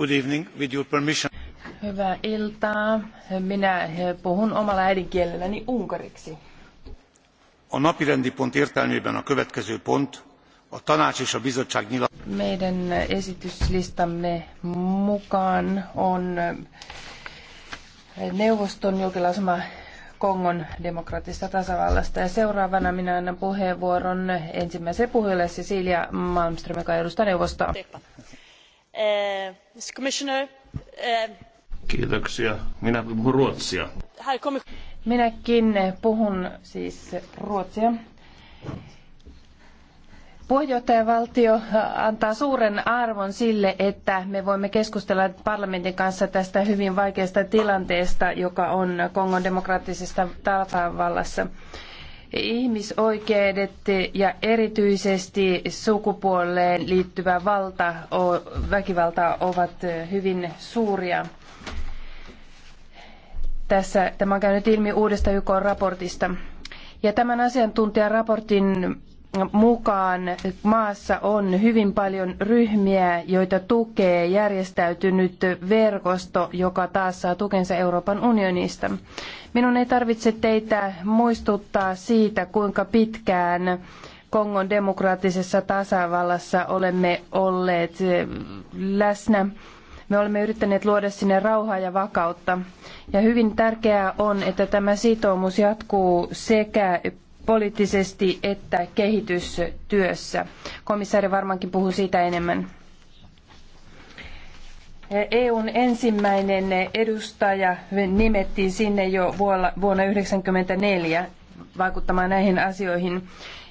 Good evening, with your permission. Hyvää iltaa. Minä puhun omalla äidinkielelläni unkariksi. On napirendi pont értelmében a következő pont a tanács és a bizottság Meidän esityslistamme mukaan on neuvoston julkilausuma Kongon demokraattisesta tasavallasta. Ja seuraavana minä annan puheenvuoron ensimmäiselle puhujalle Cecilia Malmström, joka edustaa neuvostoa. Eh, Commissioner. Eh, Kiitoksia. Minä puhun ruotsia. Minäkin puhun siis ruotsia. Puheenjohtajavaltio antaa suuren arvon sille, että me voimme keskustella parlamentin kanssa tästä hyvin vaikeasta tilanteesta, joka on Kongon demokraattisessa tasavallassa. Ihmisoikeudet ja erityisesti sukupuoleen liittyvä valta, väkivalta ovat hyvin suuria. Tässä tämä on käynyt ilmi uudesta YK-raportista. Ja tämän asiantuntijaraportin mukaan maassa on hyvin paljon ryhmiä, joita tukee järjestäytynyt verkosto, joka taas saa tukensa Euroopan unionista. Minun ei tarvitse teitä muistuttaa siitä, kuinka pitkään Kongon demokraattisessa tasavallassa olemme olleet läsnä. Me olemme yrittäneet luoda sinne rauhaa ja vakautta. Ja hyvin tärkeää on, että tämä sitoumus jatkuu sekä poliittisesti että kehitystyössä. Komissaari varmaankin puhuu siitä enemmän. EUn ensimmäinen edustaja nimettiin sinne jo vuonna 1994 vaikuttamaan näihin asioihin.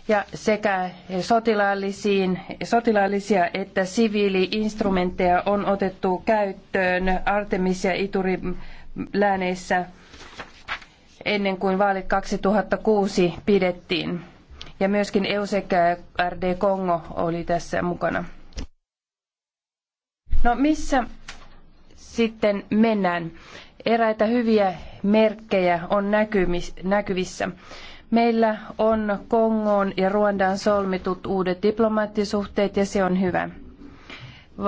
Ja sekä sotilaallisiin, sotilaallisia että siviiliinstrumentteja on otettu käyttöön Artemis- ja Ituri-lääneissä – ennen kuin vaalit 2006 pidettiin. Ja myöskin EU RD Kongo oli tässä mukana. No missä sitten mennään? Eräitä hyviä merkkejä on näkyvissä. Meillä on Kongoon ja Ruandaan solmitut uudet diplomaattisuhteet ja se on hyvä.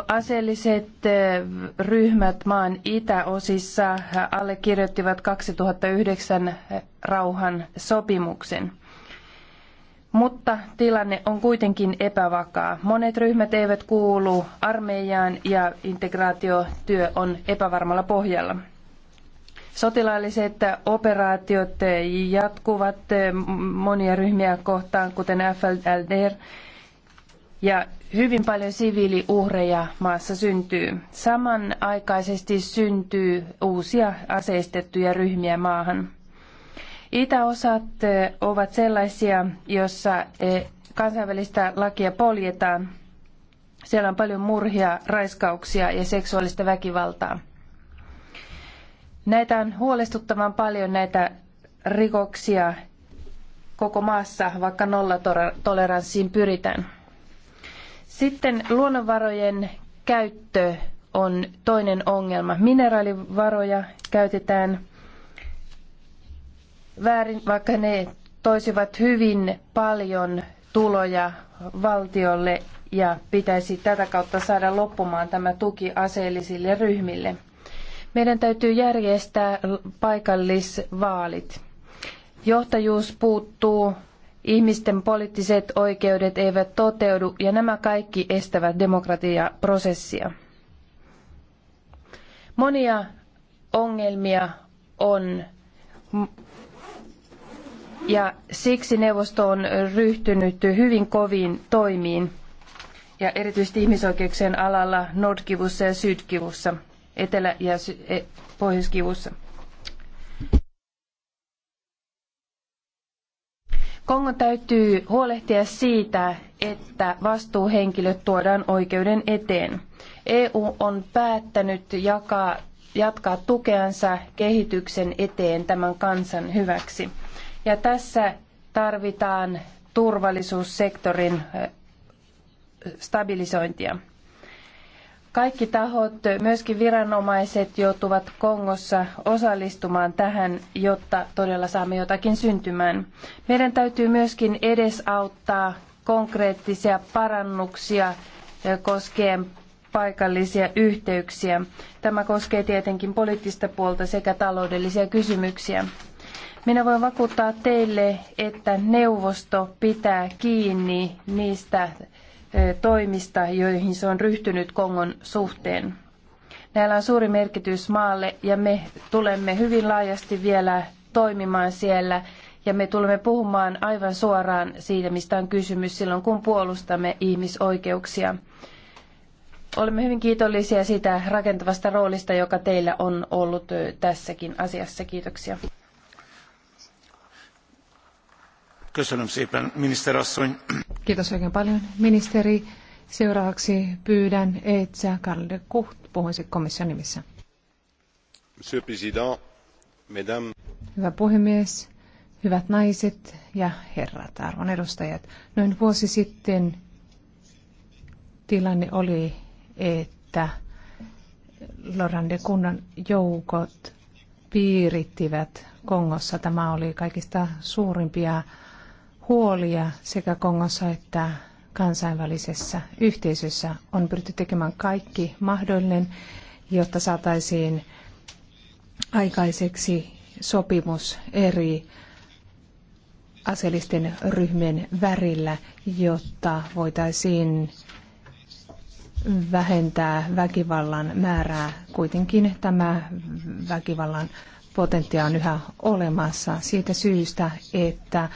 Aseelliset eh, ryhmät maan itäosissa allekirjoittivat 2009 eh, rauhan sopimuksen. Mutta tilanne on kuitenkin epävakaa. Monet ryhmät eivät kuulu armeijaan ja integraatiotyö on epävarmalla pohjalla. Sotilaalliset operaatiot eh, jatkuvat monia ryhmiä kohtaan, kuten FLDR, ja Hyvin paljon siviiliuhreja maassa syntyy. Samanaikaisesti syntyy uusia aseistettuja ryhmiä maahan. Itäosat eh, ovat sellaisia, joissa eh, kansainvälistä lakia poljetaan. Siellä on paljon murhia, raiskauksia ja seksuaalista väkivaltaa. Näitä on huolestuttavan paljon näitä rikoksia koko maassa, vaikka nollatoleranssiin pyritään. Sitten luonnonvarojen käyttö on toinen ongelma. Mineraalivaroja käytetään väärin, vaikka ne toisivat hyvin paljon tuloja valtiolle ja pitäisi tätä kautta saada loppumaan tämä tuki aseellisille ryhmille. Meidän täytyy järjestää paikallisvaalit. Johtajuus puuttuu, ihmisten poliittiset oikeudet eivät toteudu ja nämä kaikki estävät demokratiaprosessia. Monia ongelmia on ja siksi neuvosto on ryhtynyt hyvin koviin toimiin ja erityisesti ihmisoikeuksien alalla Nordkivussa ja Sydkivussa, Etelä- ja e- Pohjoiskivussa. Kongon täytyy huolehtia siitä, että vastuuhenkilöt tuodaan oikeuden eteen. EU on päättänyt jakaa, jatkaa tukeansa kehityksen eteen tämän kansan hyväksi. Ja tässä tarvitaan turvallisuussektorin eh, stabilisointia. Kaikki tahot, myöskin viranomaiset, joutuvat Kongossa osallistumaan tähän, jotta todella saamme jotakin syntymään. Meidän täytyy myöskin edesauttaa konkreettisia parannuksia eh, koskien paikallisia yhteyksiä. Tämä koskee tietenkin poliittista puolta sekä taloudellisia kysymyksiä. Minä voin vakuuttaa teille, että neuvosto pitää kiinni niistä Eh, toimista, joihin se on ryhtynyt Kongon suhteen. Näillä on suuri merkitys maalle ja me tulemme hyvin laajasti vielä toimimaan siellä ja me tulemme puhumaan aivan suoraan siitä, mistä on kysymys silloin, kun puolustamme ihmisoikeuksia. Olemme hyvin kiitollisia siitä rakentavasta roolista, joka teillä on ollut eh, tässäkin asiassa. Kiitoksia. Kiitos oikein paljon, ministeri. Seuraavaksi pyydän, että Karl de Kucht puhuisi komission nimissä. Monsieur President, Mesdames. Hyvä puhemies, hyvät naiset ja herrat, arvon edustajat. Noin vuosi sitten tilanne oli, että Lorande kunnan joukot piirittivät Kongossa. Tämä oli kaikista suurimpia huolia sekä Kongossa että kansainvälisessä yhteisössä. On pyritty tekemään kaikki mahdollinen, jotta saataisiin aikaiseksi sopimus eri aseellisten ryhmien värillä, jotta voitaisiin vähentää väkivallan määrää. Kuitenkin tämä väkivallan potentiaali on yhä olemassa siitä syystä, että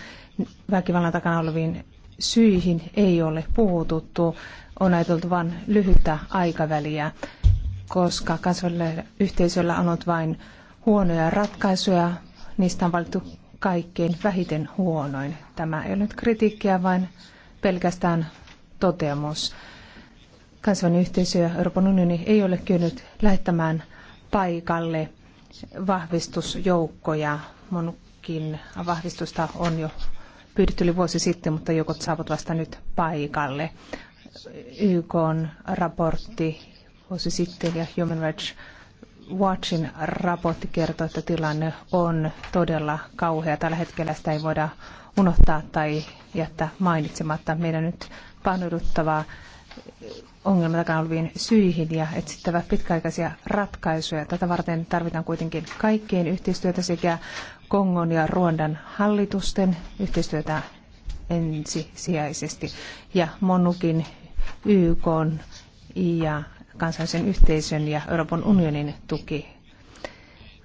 väkivallan takana oleviin syihin ei ole puututtu. On ajateltu vain lyhyttä aikaväliä, koska kansainvälisellä yhteisöllä on ollut vain huonoja ratkaisuja. Niistä on valittu kaikkein vähiten huonoin. Tämä ei ole nyt kritiikkiä, vaan pelkästään toteamus. Kansainvälinen yhteisö ja Euroopan unioni ei ole kyennyt lähettämään paikalle vahvistusjoukkoja. Monkin vahvistusta on jo pyydetty yli vuosi sitten, mutta joukot saavat vasta nyt paikalle. YK raportti vuosi sitten ja Human Rights Watchin raportti kertoo, että tilanne on todella kauhea. Tällä hetkellä sitä ei voida unohtaa tai jättää mainitsematta. Meidän nyt panouduttava ongelman takana oleviin syihin ja etsittävä pitkäaikaisia ratkaisuja. Tätä varten tarvitaan kuitenkin kaikkien yhteistyötä sekä Kongon ja Ruandan hallitusten yhteistyötä ensisijaisesti ja Monukin, YK ja kansallisen yhteisön ja Euroopan unionin tuki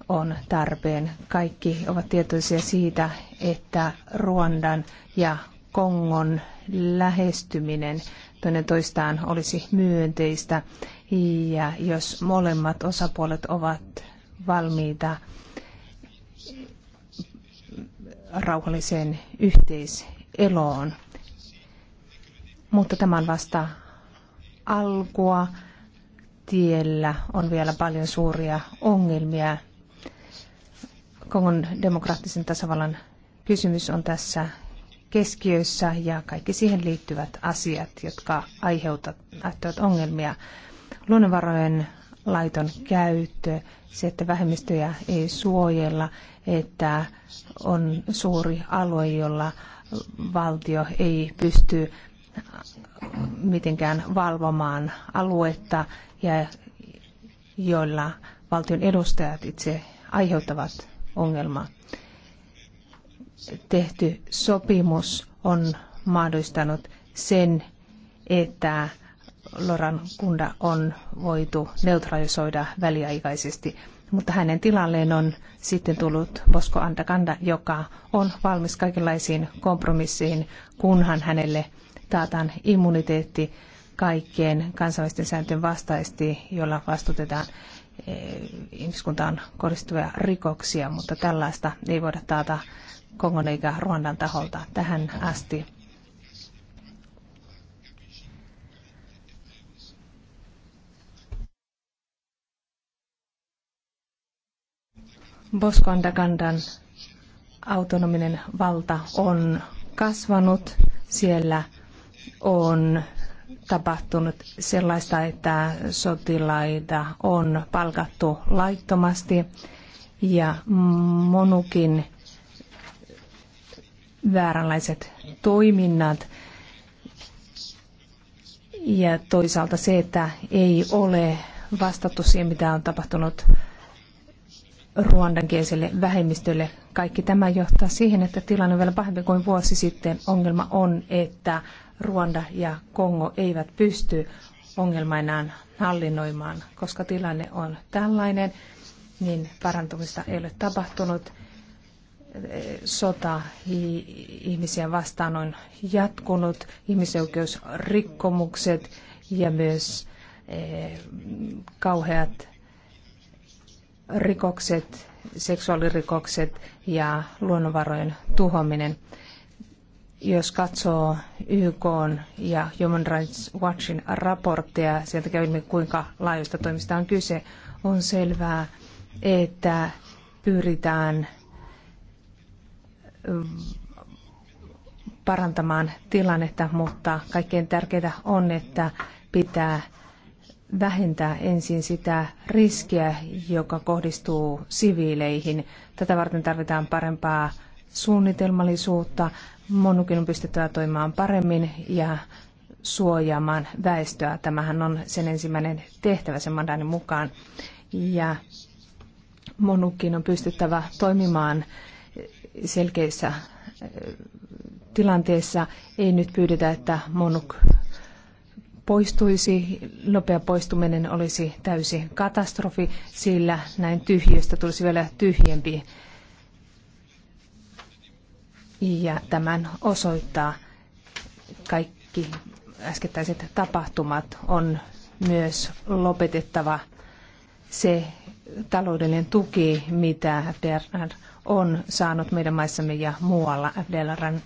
on tarpeen. Kaikki ovat tietoisia siitä, että Ruandan ja Kongon lähestyminen toinen toistaan olisi myönteistä ja jos molemmat osapuolet ovat valmiita rauhalliseen yhteiseloon. Mutta tämä on vasta alkua. Tiellä on vielä paljon suuria ongelmia. Kongon demokraattisen tasavallan kysymys on tässä keskiössä ja kaikki siihen liittyvät asiat, jotka aiheuttavat ongelmia. Luonnonvarojen laiton käyttö, se, että vähemmistöjä ei suojella, että on suuri alue, jolla valtio ei pysty mitenkään valvomaan aluetta ja joilla valtion edustajat itse aiheuttavat ongelmaa. Tehty sopimus on mahdollistanut sen, että Loran kunda on voitu neutralisoida väliaikaisesti, mutta hänen tilalleen on sitten tullut Bosko Andakanda, joka on valmis kaikenlaisiin kompromissiin, kunhan hänelle taataan immuniteetti kaikkien kansainvälisten sääntöjen vastaisesti, jolla vastutetaan e, ihmiskuntaan kohdistuvia rikoksia, mutta tällaista ei voida taata Kongon eikä Ruandan taholta tähän asti Boskondagandan autonominen valta on kasvanut. Siellä on tapahtunut sellaista, että sotilaita on palkattu laittomasti ja monukin vääränlaiset toiminnat ja toisaalta se, että ei ole vastattu siihen, mitä on tapahtunut ruandankieliselle vähemmistölle. Kaikki tämä johtaa siihen, että tilanne on vielä pahempi kuin vuosi sitten. Ongelma on, että Ruanda ja Kongo eivät pysty ongelmainaan hallinnoimaan, koska tilanne on tällainen, niin parantumista ei ole tapahtunut. Sota ihmisiä vastaan on jatkunut, ihmisoikeusrikkomukset ja myös eh, kauheat rikokset, seksuaalirikokset ja luonnonvarojen tuhominen. Jos katsoo YK ja Human Rights Watchin raportteja, sieltä käy ilmi kuinka laajoista toimista on kyse, on selvää, että pyritään parantamaan tilannetta, mutta kaikkein tärkeintä on, että pitää vähentää ensin sitä riskiä, joka kohdistuu siviileihin. Tätä varten tarvitaan parempaa suunnitelmallisuutta. Monukin on pystyttävä toimimaan paremmin ja suojaamaan väestöä. Tämähän on sen ensimmäinen tehtävä sen mandaanin mukaan. Ja Monukin on pystyttävä toimimaan selkeissä eh, tilanteissa. Ei nyt pyydetä, että Monuk poistuisi, nopea poistuminen olisi täysi katastrofi, sillä näin tyhjistä tulisi vielä tyhjempi. Ja tämän osoittaa kaikki äskettäiset tapahtumat on myös lopetettava se taloudellinen tuki, mitä FDR on saanut meidän maissamme ja muualla FDLRn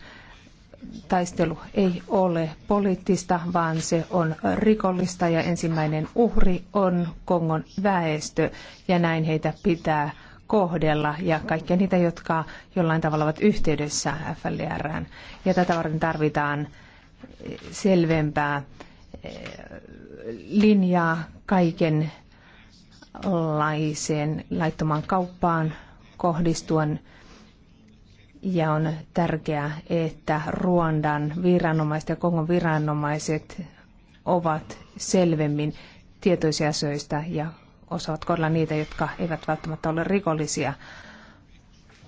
taistelu ei ole poliittista, vaan se on rikollista ja ensimmäinen uhri on Kongon väestö ja näin heitä pitää kohdella ja kaikkia niitä, jotka jollain tavalla ovat yhteydessä FLRään. Ja tätä varten tarvitaan selvempää eh, linjaa kaikenlaiseen laittomaan kauppaan kohdistuen ja on tärkeää, että Ruandan viranomaiset ja Kongon viranomaiset ovat selvemmin tietoisia asioista ja osaavat korjata niitä, jotka eivät välttämättä ole rikollisia.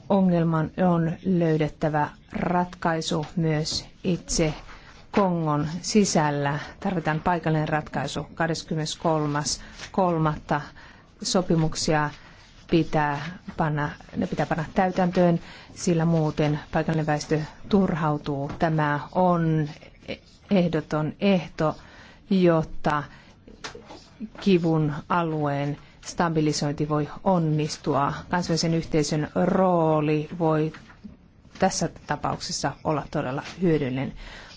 Ongelman on löydettävä ratkaisu myös itse Kongon sisällä. Tarvitaan paikallinen ratkaisu 23.3. sopimuksia pitää panna, ne pitää panna täytäntöön, sillä muuten paikallinen väestö turhautuu. Tämä on ehdoton ehto, jotta kivun alueen stabilisointi voi onnistua. Kansainvälisen yhteisön rooli voi tässä tapauksessa olla todella hyödyllinen.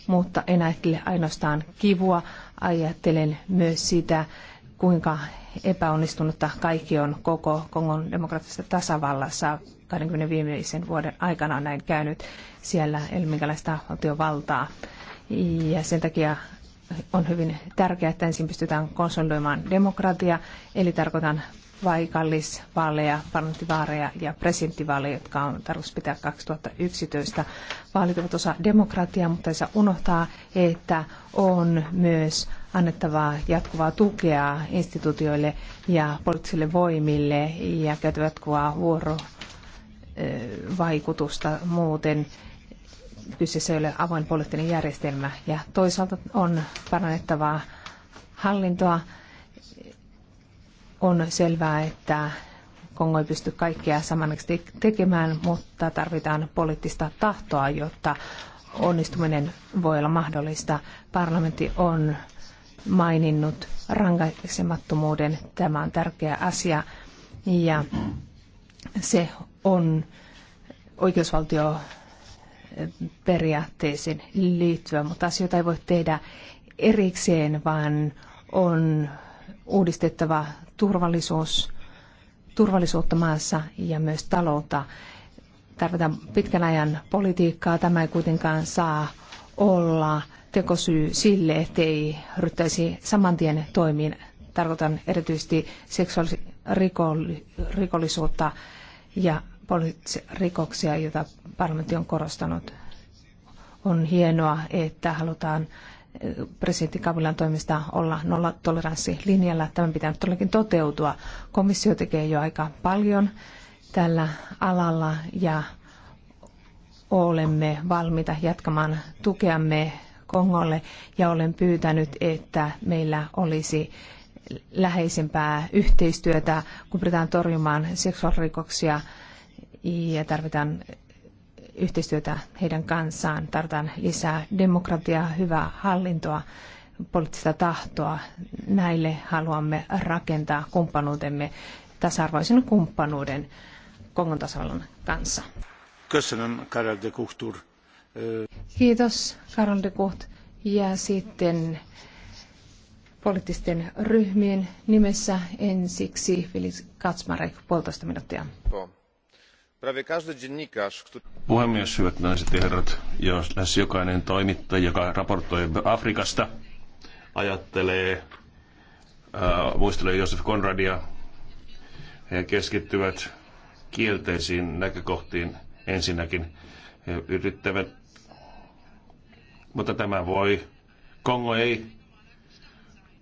Mutta en ajattele ainoastaan kivua, ajattelen myös sitä, kuinka epäonnistunutta kaikki on koko Kongon demokraattisessa tasavallassa viimeisen vuoden aikana on näin käynyt. Siellä ei ole minkälaista valtiovaltaa. Ja sen takia on hyvin tärkeää, että ensin pystytään konsolidoimaan demokratia, eli tarkoitan paikallisvaaleja, parlamenttivaaleja ja presidenttivaaleja, jotka on tarkoitus pitää 2011. Vaalit ovat osa demokratiaa, mutta ei saa unohtaa, että on myös annettavaa jatkuvaa tukea instituutioille ja poliittisille voimille ja käytävä jatkuvaa vuorovaikutusta muuten. Kyseessä ei ole avoin poliittinen järjestelmä ja toisaalta on parannettavaa hallintoa. On selvää, että Kongo ei pysty kaikkea samanneksi tekemään, mutta tarvitaan poliittista tahtoa, jotta onnistuminen voi olla mahdollista. Parlamentti on maininnut rankaisemattomuuden. Tämä on tärkeä asia ja se on oikeusvaltio periaatteeseen liittyvä, mutta asioita ei voi tehdä erikseen, vaan on uudistettava turvallisuus, turvallisuutta maassa ja myös taloutta. Tarvitaan pitkän ajan politiikkaa. Tämä ei kuitenkaan saa olla tekosyy sille, ettei ryhtäisi saman tien toimiin. Tarkoitan erityisesti seksuaalirikollisuutta ja rikoksia, joita parlamentti on korostanut. On hienoa, että halutaan eh, presidentti Kavilan toimista olla nollatoleranssilinjalla. Tämän pitää nyt todellakin toteutua. Komissio tekee jo aika paljon tällä alalla ja olemme valmiita jatkamaan tukeamme Kongolle ja olen pyytänyt, että meillä olisi läheisempää yhteistyötä, kun pyritään torjumaan seksuaalirikoksia ja tarvitaan yhteistyötä heidän kanssaan. Tarvitaan lisää demokratiaa, hyvää hallintoa, poliittista tahtoa. Näille haluamme rakentaa kumppanuutemme, tasa-arvoisen kumppanuuden Kongon tasavallan kanssa. Köszönöm, Karel de Kuhtur. Kiitos, Karol de Gucht. Ja sitten poliittisten ryhmien nimessä ensiksi Felix Katsmarek, puolitoista minuuttia. Puhemies, hyvät naiset ja herrat, ja lähes jokainen toimittaja, joka raportoi Afrikasta, ajattelee, äh, muistelee Josef Konradia, he keskittyvät kielteisiin näkökohtiin ensinnäkin. He yrittävät mutta tämä voi, Kongo ei,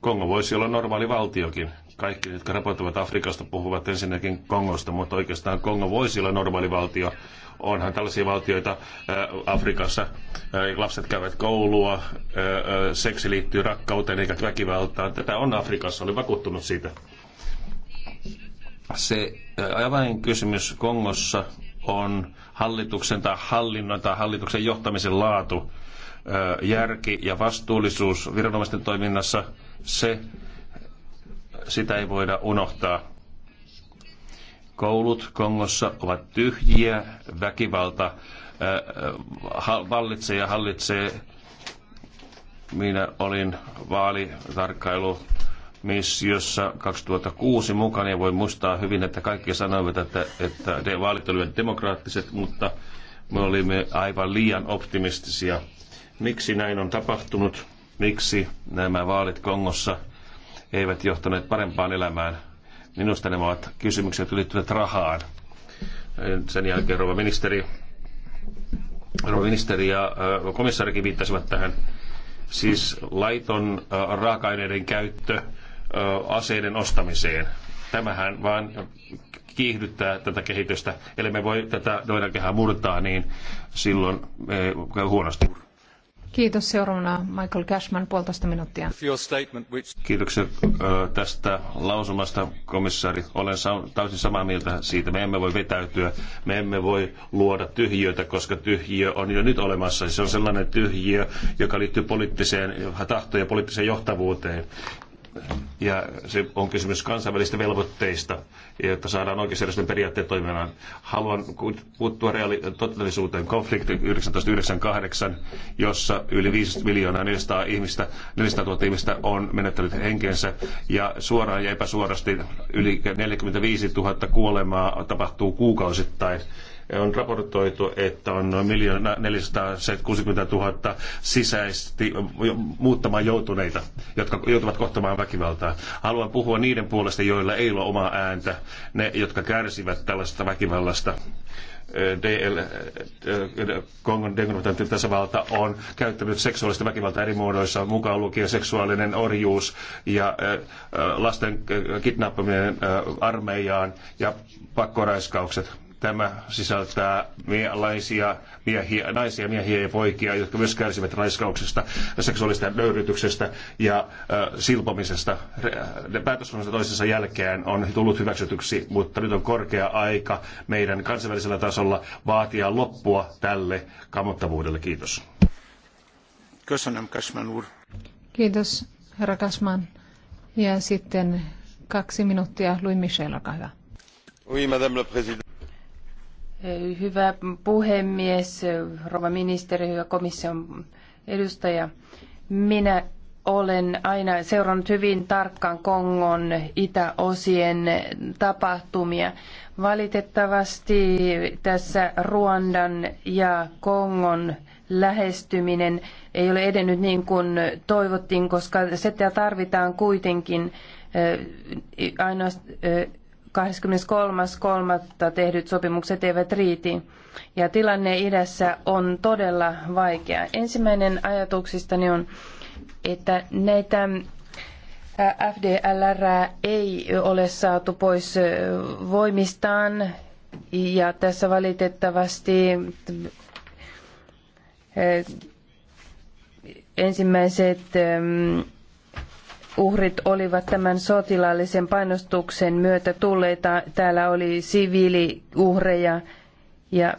Kongo voisi olla normaali valtiokin. Kaikki, jotka raportoivat Afrikasta, puhuvat ensinnäkin Kongosta, mutta oikeastaan Kongo voisi olla normaali valtio. Onhan tällaisia valtioita äh, Afrikassa. Äh, lapset käyvät koulua, äh, seksi liittyy rakkauteen eikä väkivaltaan. Tätä on Afrikassa, oli vakuuttunut siitä. Se avainkysymys Kongossa on hallituksen tai hallinnon tai hallituksen johtamisen laatu järki ja vastuullisuus viranomaisten toiminnassa, se, sitä ei voida unohtaa. Koulut Kongossa ovat tyhjiä, väkivalta vallitsee ja hallitsee. Minä olin vaalitarkkailu missiossa 2006 mukana ja voin muistaa hyvin, että kaikki sanoivat, että, että vaalit olivat demokraattiset, mutta me olimme aivan liian optimistisia Miksi näin on tapahtunut? Miksi nämä vaalit Kongossa eivät johtaneet parempaan elämään? Minusta nämä ovat kysymykset, jotka liittyvät rahaan. Sen jälkeen rouva ministeri, rouva ministeri ja komissaarikin viittasivat tähän. Siis laiton raaka-aineiden käyttö aseiden ostamiseen. Tämähän vaan kiihdyttää tätä kehitystä. Eli me voi tätä noidankehää murtaa, niin silloin käy huonosti. Kiitos. Seuraavana Michael Cashman, puolitoista minuuttia. Kiitoksia tästä lausumasta, komissaari. Olen täysin samaa mieltä siitä. Me emme voi vetäytyä, me emme voi luoda tyhjiötä, koska tyhjiö on jo nyt olemassa. Se on sellainen tyhjiö, joka liittyy poliittiseen tahtoon ja poliittiseen johtavuuteen ja se on kysymys kansainvälistä velvoitteista, jotta saadaan oikeusjärjestön periaatteet toimimaan. Haluan puuttua reaali- todellisuuteen konflikti 1998, jossa yli 5 miljoonaa 400 ihmistä, 400 000 ihmistä on menettänyt henkensä ja suoraan ja epäsuorasti yli 45 000 kuolemaa tapahtuu kuukausittain on raportoitu, että on noin 460 000 sisäisesti muuttamaan joutuneita, jotka joutuvat kohtamaan väkivaltaa. Haluan puhua niiden puolesta, joilla ei ole omaa ääntä, ne, jotka kärsivät tällaista väkivallasta. DL, Kongon demokratian tasavalta on käyttänyt seksuaalista väkivaltaa eri muodoissa, mukaan lukien seksuaalinen orjuus ja lasten kidnappaminen armeijaan ja pakkoraiskaukset. Tämä sisältää mielaisia, miehiä, naisia, miehiä ja poikia, jotka myös kärsivät raiskauksesta, seksuaalista nöyrytyksestä ja äh, silpomisesta. Päätösluonnosta toisensa jälkeen on tullut hyväksytyksi, mutta nyt on korkea aika meidän kansainvälisellä tasolla vaatia loppua tälle kamottavuudelle. Kiitos. Kiitos, herra Kasman. Ja sitten kaksi minuuttia, Louis Michel, olkaa hyvä. Oui, madame la présidente. Hyvä puhemies, rouva ministeri, hyvä komission edustaja. Minä olen aina seurannut hyvin tarkkaan Kongon itäosien tapahtumia. Valitettavasti tässä Ruandan ja Kongon lähestyminen ei ole edennyt niin kuin toivottiin, koska sitä tarvitaan kuitenkin eh, ainoastaan eh, 23.3. tehdyt sopimukset eivät riiti. Ja tilanne idässä on todella vaikea. Ensimmäinen ajatuksistani on, että näitä FDLR ei ole saatu pois voimistaan ja tässä valitettavasti ensimmäiset uhrit olivat tämän sotilaallisen painostuksen myötä tulleita. Täällä oli siviiliuhreja ja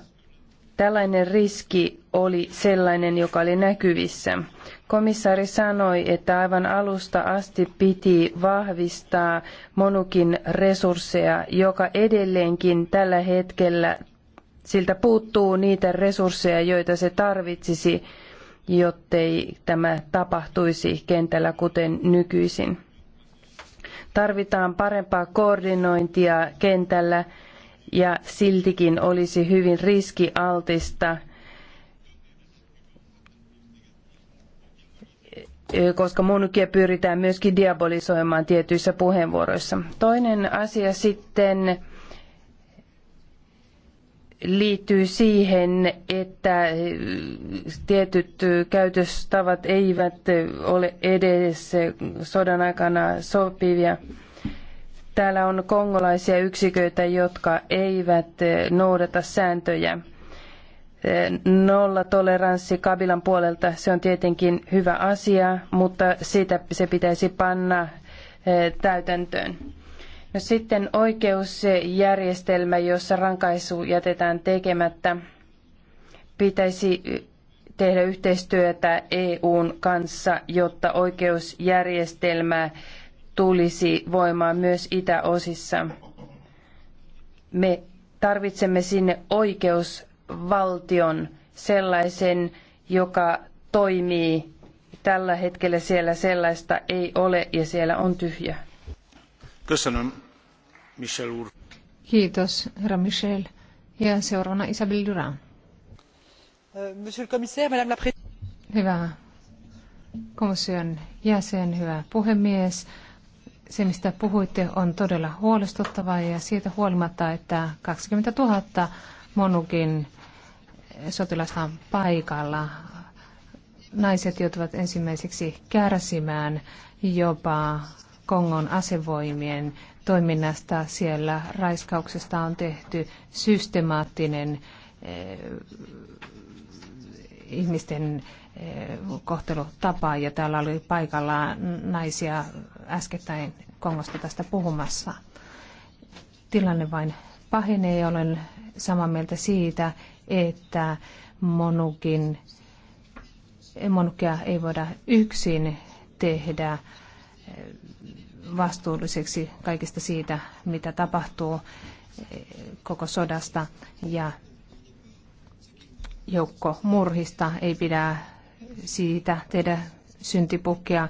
tällainen riski oli sellainen, joka oli näkyvissä. Komissaari sanoi, että aivan alusta asti piti vahvistaa Monukin resursseja, joka edelleenkin tällä hetkellä siltä puuttuu niitä resursseja, joita se tarvitsisi jottei tämä tapahtuisi kentällä kuten nykyisin. Tarvitaan parempaa koordinointia kentällä ja siltikin olisi hyvin riskialtista koska munukia pyritään myöskin diabolisoimaan tietyissä puheenvuoroissa. Toinen asia sitten liittyy siihen, että äh, tietyt äh, käytöstavat eivät äh, ole edes sodan aikana sopivia. Täällä on kongolaisia yksiköitä, jotka eivät noudata sääntöjä. Nollatoleranssi Kabilan puolelta, se on tietenkin hyvä asia, mutta siitä se pitäisi panna täytäntöön sitten oikeusjärjestelmä, jossa rankaisu jätetään tekemättä, pitäisi tehdä yhteistyötä EUn kanssa, jotta oikeusjärjestelmä tulisi voimaan myös itäosissa. Me tarvitsemme sinne oikeusvaltion sellaisen, joka toimii. Tällä hetkellä siellä sellaista ei ole ja siellä on tyhjä. Köszönöm. Michel Ur. Kiitos, herra Michel. Ja seuraavana Isabel Duran. Euh, monsieur le commissaire, madame la Hyvä komission jäsen, hyvä puhemies. Se, mistä puhuitte, on todella huolestuttavaa ja siitä huolimatta, että 20 000 Monukin sotilasta on paikalla. Naiset joutuvat ensimmäiseksi kärsimään jopa Kongon asevoimien toiminnasta. Siellä raiskauksesta on tehty systemaattinen eh, ihmisten eh, kohtelutapa ja täällä oli paikalla naisia äskettäin Kongosta tästä puhumassa. Tilanne vain pahenee ja olen samaa mieltä siitä, että monukin, monukia ei voida yksin tehdä vastuulliseksi kaikesta siitä, mitä tapahtuu koko sodasta ja joukko murhista. Ei pidä siitä tehdä syntipukkia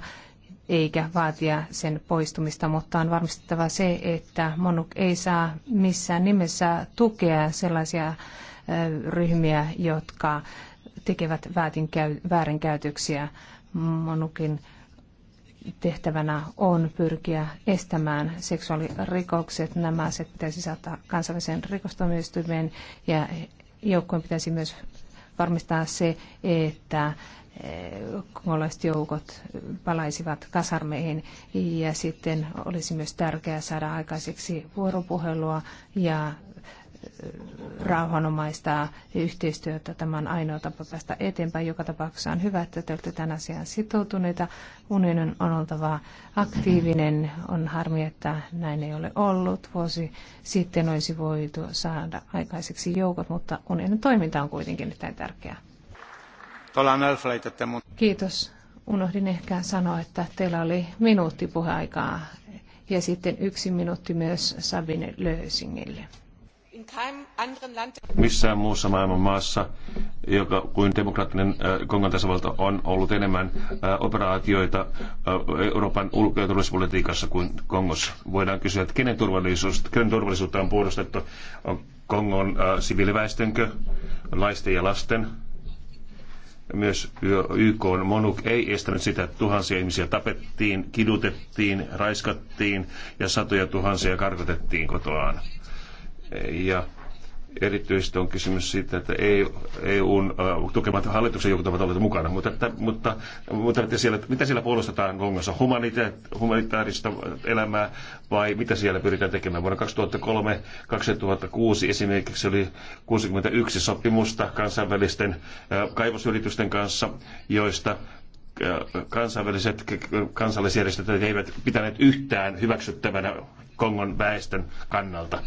eikä vaatia sen poistumista, mutta on varmistettava se, että Monuk ei saa missään nimessä tukea sellaisia ryhmiä, jotka tekevät väärinkäytöksiä Monukin tehtävänä on pyrkiä estämään seksuaalirikokset. Nämä se pitäisi saattaa kansalliseen rikostuomioistuimeen ja joukkojen pitäisi myös varmistaa se, että eh, kongolaiset joukot palaisivat kasarmeihin ja sitten olisi myös tärkeää saada aikaiseksi vuoropuhelua ja rauhanomaista yhteistyötä. Tämä on ainoa tapa päästä eteenpäin. Joka tapauksessa on hyvä, että te olette tämän asian sitoutuneita. Unionin on oltava aktiivinen. On harmi, että näin ei ole ollut. Vuosi sitten olisi voitu saada aikaiseksi joukot, mutta unionin toiminta on kuitenkin erittäin tärkeää. Kiitos. Unohdin ehkä sanoa, että teillä oli minuutti puheaikaa ja sitten yksi minuutti myös Sabine Löysingille. Missään muussa maailman maassa, joka kuin demokraattinen äh, Kongon tasavalta on ollut enemmän äh, operaatioita äh, Euroopan ulko- ja turvallisuuspolitiikassa kuin Kongossa. Voidaan kysyä, että kenen, turvallisuus, kenen turvallisuutta on puolustettu? On Kongon äh, siviiliväestönkö, laisten ja lasten? Myös YK on MONUK ei estänyt sitä, että tuhansia ihmisiä tapettiin, kidutettiin, raiskattiin ja satoja tuhansia karkotettiin kotoaan ja erityisesti on kysymys siitä, että EUn e äh, tukemat hallituksen joukot ovat olleet mukana. Mutta, että, mutta, mutta että siellä, mitä siellä puolustetaan Kongossa? Humanita- humanitaarista elämää vai mitä siellä pyritään tekemään? Vuonna 2003-2006 esimerkiksi oli 61 sopimusta kansainvälisten äh, kaivosyritysten kanssa, joista äh, kansainväliset kansallisjärjestöt eivät pitäneet yhtään hyväksyttävänä Kongon väestön kannalta.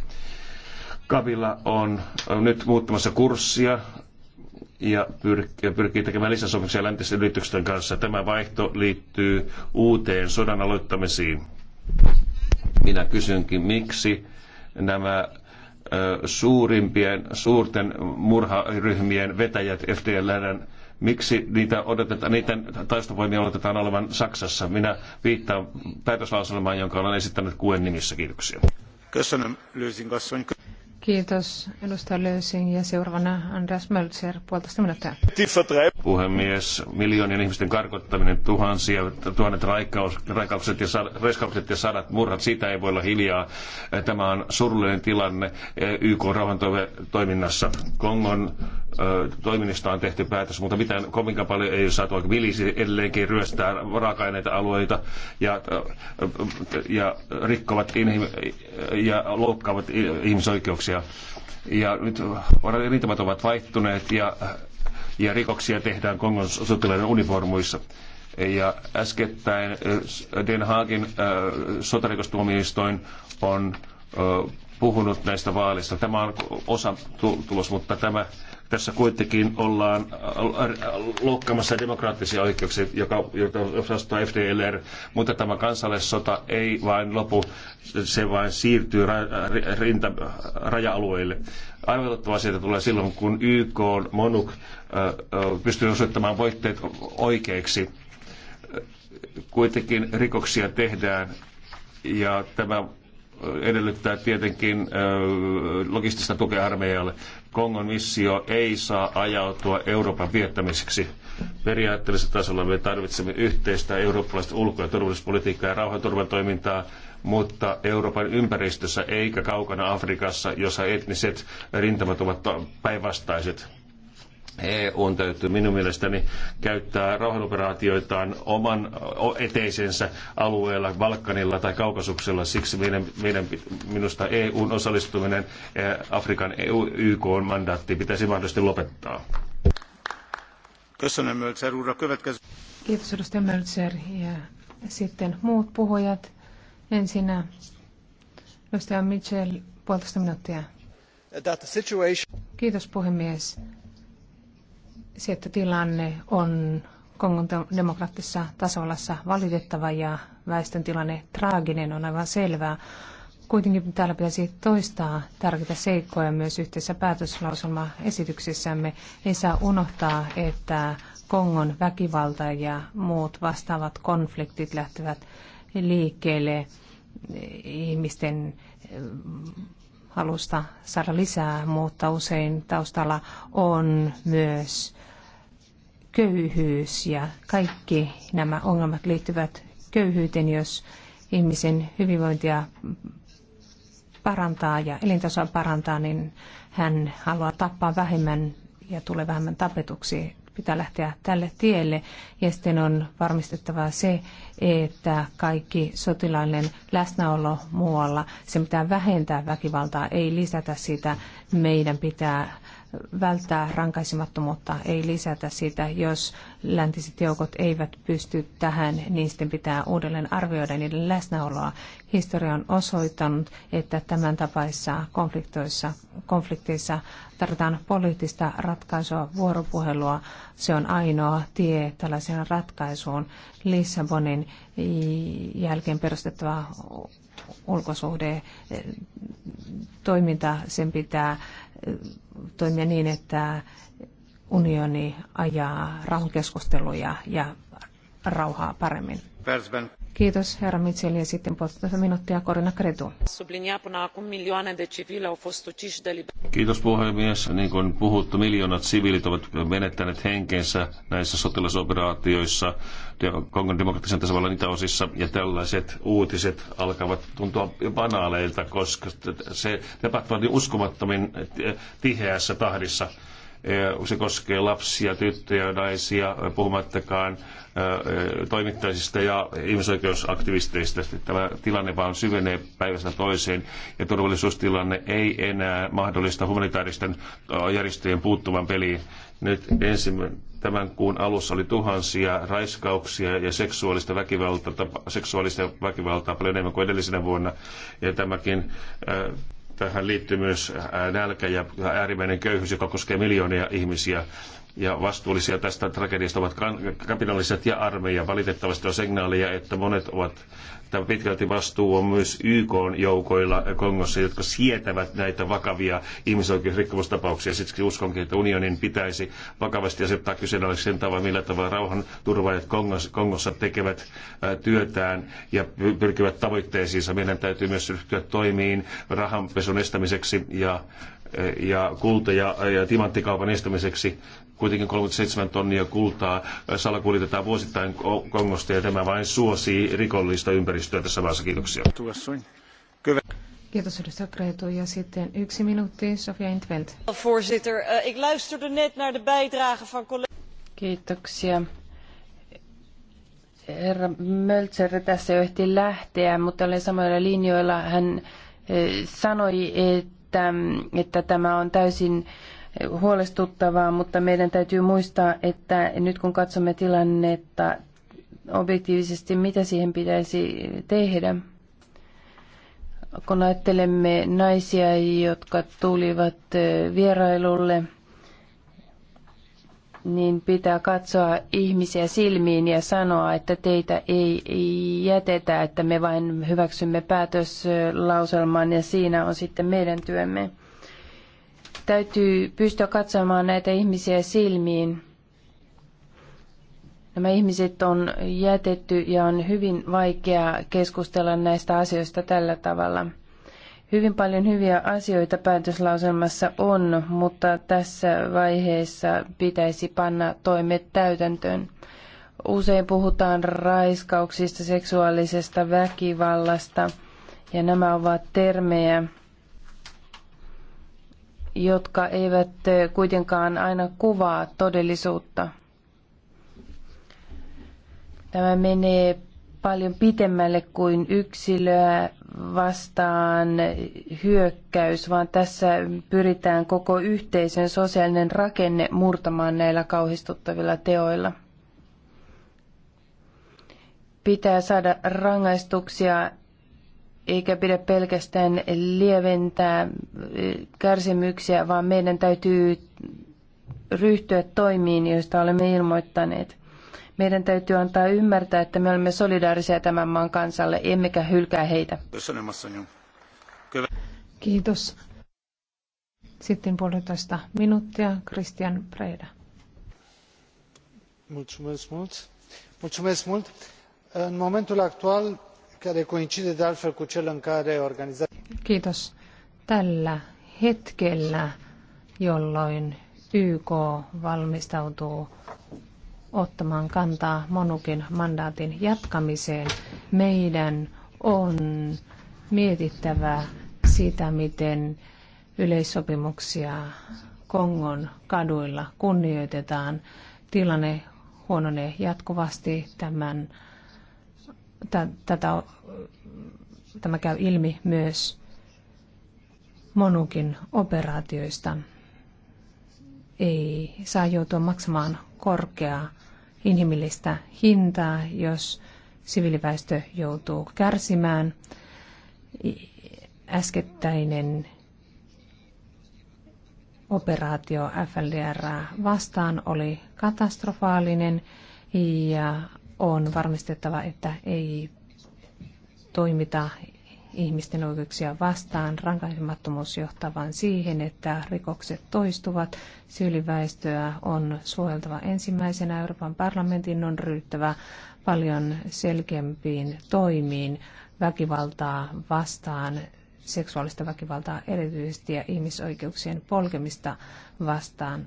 Kabila on nyt muuttamassa kurssia ja pyrkii tekemään lisäsopimuksia läntisten yritysten kanssa. Tämä vaihto liittyy uuteen sodan aloittamisiin. Minä kysynkin, miksi nämä suurimpien, suurten murharyhmien vetäjät FDLn miksi niitä odotetaan, niiden taistovoimia odotetaan olevan Saksassa. Minä viittaan päätöslauselmaan, jonka olen esittänyt kuen nimissä. Kiitoksia. Köszönöm, Löysin Kiitos edustaja Löysin ja seuraavana Andreas Möltser, puolitoista minuuttia. Puhemies, miljoonien ihmisten karkottaminen, tuhansia, tuhannet raikkaus, raikkaukset ja sad, reskaukset ja sadat murhat, siitä ei voi olla hiljaa. Tämä on surullinen tilanne eh, YK rauhantoiminnassa. Kongon toiminnista on tehty päätös, mutta mitään kovinkaan paljon ei saatu aika vilisi edelleenkin ryöstää raaka-aineita alueita ja, ja rikkovat inhim- ja loukkaavat ihmisoikeuksia rikoksia. Ja nyt rintamat ovat vaihtuneet ja, ja rikoksia tehdään Kongon sotilaiden uniformuissa. Ja äskettäin äh, Den Haagin äh, sotarikostuomioistoin on äh, puhunut näistä vaalista. Tämä on osa tulos, mutta tämä tässä kuitenkin ollaan äh, loukkaamassa demokraattisia oikeuksia, joka, joka osastaa FDLR, mutta tämä kansalaissota ei vain lopu, se vain siirtyy ra, rinta, raja-alueille. on siitä tulee silloin, kun YK on MONUK äh, äh, pystyy osoittamaan voitteet oikeiksi. Kuitenkin rikoksia tehdään ja tämä edellyttää tietenkin logistista tukea armeijalle. Kongon missio ei saa ajautua Euroopan viettämiseksi. Periaatteellisella tasolla me tarvitsemme yhteistä eurooppalaista ulko- ja turvallisuuspolitiikkaa ja rauhanturvatoimintaa, mutta Euroopan ympäristössä eikä kaukana Afrikassa, jossa etniset rintamat ovat päinvastaiset EU on täytyy minun mielestäni käyttää rauhanoperaatioitaan oman eteisensä alueella, Balkanilla tai Kaukasuksella. Siksi meidän, meidän, minusta EUn osallistuminen Afrikan EU, YK on mandaatti pitäisi mahdollisesti lopettaa. Kiitos edustaja Möltser ja sitten muut puhujat. Ensin edustaja Mitchell, puolitoista minuuttia. Kiitos puhemies se, että tilanne on Kongon demokraattisessa tasavallassa valitettava ja väestön tilanne traaginen on aivan selvää. Kuitenkin täällä pitäisi toistaa tärkeitä seikkoja myös yhteisessä päätöslauselmaesityksessämme. Ei saa unohtaa, että Kongon väkivalta ja muut vastaavat konfliktit lähtevät liikkeelle ihmisten halusta saada lisää, mutta usein taustalla on myös köyhyys ja kaikki nämä ongelmat liittyvät köyhyyteen, jos ihmisen hyvinvointia parantaa ja elintasoa parantaa, niin hän haluaa tappaa vähemmän ja tulee vähemmän tapetuksi pitää lähteä tälle tielle ja sitten on varmistettava se, että kaikki sotilaallinen läsnäolo muualla, se pitää vähentää väkivaltaa, ei lisätä sitä. Meidän pitää välttää rankaisemattomuutta, ei lisätä sitä. Jos läntiset joukot eivät pysty tähän, niin sitten pitää uudelleen arvioida niiden läsnäoloa. Historia on osoittanut, että tämän tapaisissa konflikteissa, konflikteissa tarvitaan poliittista ratkaisua, vuoropuhelua. Se on ainoa tie tällaisen ratkaisuun. Lissabonin jälkeen perustettava ulkosuhde eh, toiminta, sen pitää eh, toimia niin, että unioni ajaa rauhankeskusteluja ja rauhaa paremmin. Kiitos, herra Mitchell, ja sitten puolitoista minuuttia Korina Kretu. Kiitos puhemies. Niin kuin puhuttu, miljoonat siviilit ovat menettäneet henkensä näissä sotilasoperaatioissa Kongon demokraattisen tasavallan itäosissa, ja tällaiset uutiset alkavat tuntua banaaleilta, koska se tapahtuu niin uskomattomin eh, tiheässä tahdissa. Se koskee lapsia, tyttöjä, naisia, puhumattakaan toimittajista ja ihmisoikeusaktivisteista. Tämä tilanne vaan syvenee päivästä toiseen ja turvallisuustilanne ei enää mahdollista humanitaaristen järjestöjen puuttuvan peliin. Nyt ensimmäinen tämän kuun alussa oli tuhansia raiskauksia ja seksuaalista väkivaltaa, seksuaalista väkivaltaa paljon enemmän kuin edellisenä vuonna. Ja tämäkin Tähän liittyy myös äh, nälkä ja äärimmäinen köyhyys, joka koskee miljoonia ihmisiä. Ja vastuullisia tästä tragediasta ovat kapinalliset ja armeija. Valitettavasti on signaaleja, että monet ovat Tämä pitkälti vastuu on myös YK joukoilla Kongossa, jotka sietävät näitä vakavia ihmisoikeusrikkomustapauksia. Siksi uskonkin, että unionin pitäisi vakavasti asettaa kyseenalaiseksi sen tavan, millä tavalla rauhanturvaajat Kongossa tekevät työtään ja pyrkivät tavoitteisiinsa. Meidän täytyy myös ryhtyä toimiin rahanpesun estämiseksi ja ja kulta- ja, ja timanttikaupan estämiseksi kuitenkin 37 tonnia kultaa salakuljetetaan vuosittain Kongosta ja tämä vain suosii rikollista ympäristöä tässä maassa. Kiitoksia. Kiitos edustaja Kreetu. Ja sitten yksi minuutti, Sofia Intvent. Voorzitter, eh, ik luisterde net naar de bijdrage van collega... Kiitoksia. Herra Möltser tässä jo ehti lähteä, mutta olen samoilla linjoilla. Hän eh, sanoi, että, että tämä on täysin huolestuttavaa, mutta meidän täytyy muistaa, että nyt kun katsomme tilannetta objektiivisesti, mitä siihen pitäisi tehdä. Kun ajattelemme naisia, jotka tulivat vierailulle, niin pitää katsoa ihmisiä silmiin ja sanoa, että teitä ei jätetä, että me vain hyväksymme päätöslauselman ja siinä on sitten meidän työmme. Täytyy pystyä katsomaan näitä ihmisiä silmiin. Nämä ihmiset on jätetty ja on hyvin vaikea keskustella näistä asioista tällä tavalla. Hyvin paljon hyviä asioita päätöslauselmassa on, mutta tässä vaiheessa pitäisi panna toimet täytäntöön. Usein puhutaan raiskauksista, seksuaalisesta väkivallasta ja nämä ovat termejä, jotka eivät kuitenkaan aina kuvaa todellisuutta. Tämä menee paljon pitemmälle kuin yksilöä vastaan hyökkäys, vaan tässä pyritään koko yhteisön sosiaalinen rakenne murtamaan näillä kauhistuttavilla teoilla. Pitää saada rangaistuksia eikä pidä pelkästään lieventää kärsimyksiä, vaan meidän täytyy ryhtyä toimiin, joista olemme ilmoittaneet. Meidän täytyy antaa ymmärtää, että me olemme solidaarisia tämän maan kansalle, emmekä hylkää heitä. Kiitos. Sitten puolitoista minuuttia, Christian Preda. Mulțumesc mult. Mulțumesc mult. În momentul actual, care coincide de altfel cu cel în care organizația... Kiitos. Tällä hetkellä, jolloin YK valmistautuu ottamaan kantaa Monukin mandaatin jatkamiseen, meidän on mietittävä sitä, miten yleissopimuksia Kongon kaduilla kunnioitetaan. Tilanne huononee jatkuvasti tämän tätä, tämä käy ilmi myös Monukin operaatioista. Ei saa joutua maksamaan korkeaa inhimillistä hintaa, jos siviiliväestö joutuu kärsimään. Äskettäinen operaatio FLDR vastaan oli katastrofaalinen ja on varmistettava, että ei toimita ihmisten oikeuksia vastaan. Rankaisemattomuus johtaa vain siihen, että rikokset toistuvat. Syyliväestöä on suojeltava ensimmäisenä. Euroopan parlamentin on ryhtyvä paljon selkeämpiin toimiin väkivaltaa vastaan, seksuaalista väkivaltaa erityisesti ja ihmisoikeuksien polkemista vastaan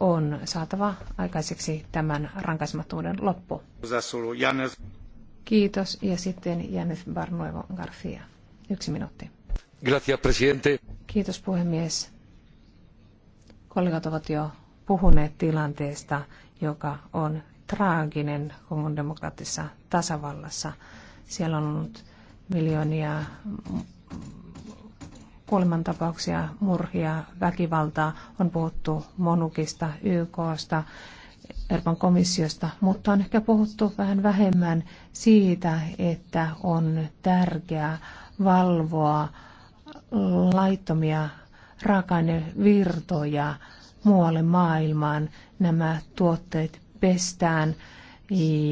on saatava aikaiseksi tämän rankaisemattomuuden loppu. Kiitos. Ja sitten Janet Barnuevo Garcia. Yksi minuutti. Gracias, presidente. Kiitos puhemies. Kollegat ovat jo puhuneet tilanteesta, joka on traaginen demokraattisessa tasavallassa. Siellä on ollut miljoonia kuolemantapauksia, murhia, väkivaltaa. On puhuttu Monukista, YKsta, Euroopan komissiosta, mutta on ehkä puhuttu vähän vähemmän siitä, että on tärkeää valvoa laittomia raaka-ainevirtoja muualle maailmaan. Nämä tuotteet pestään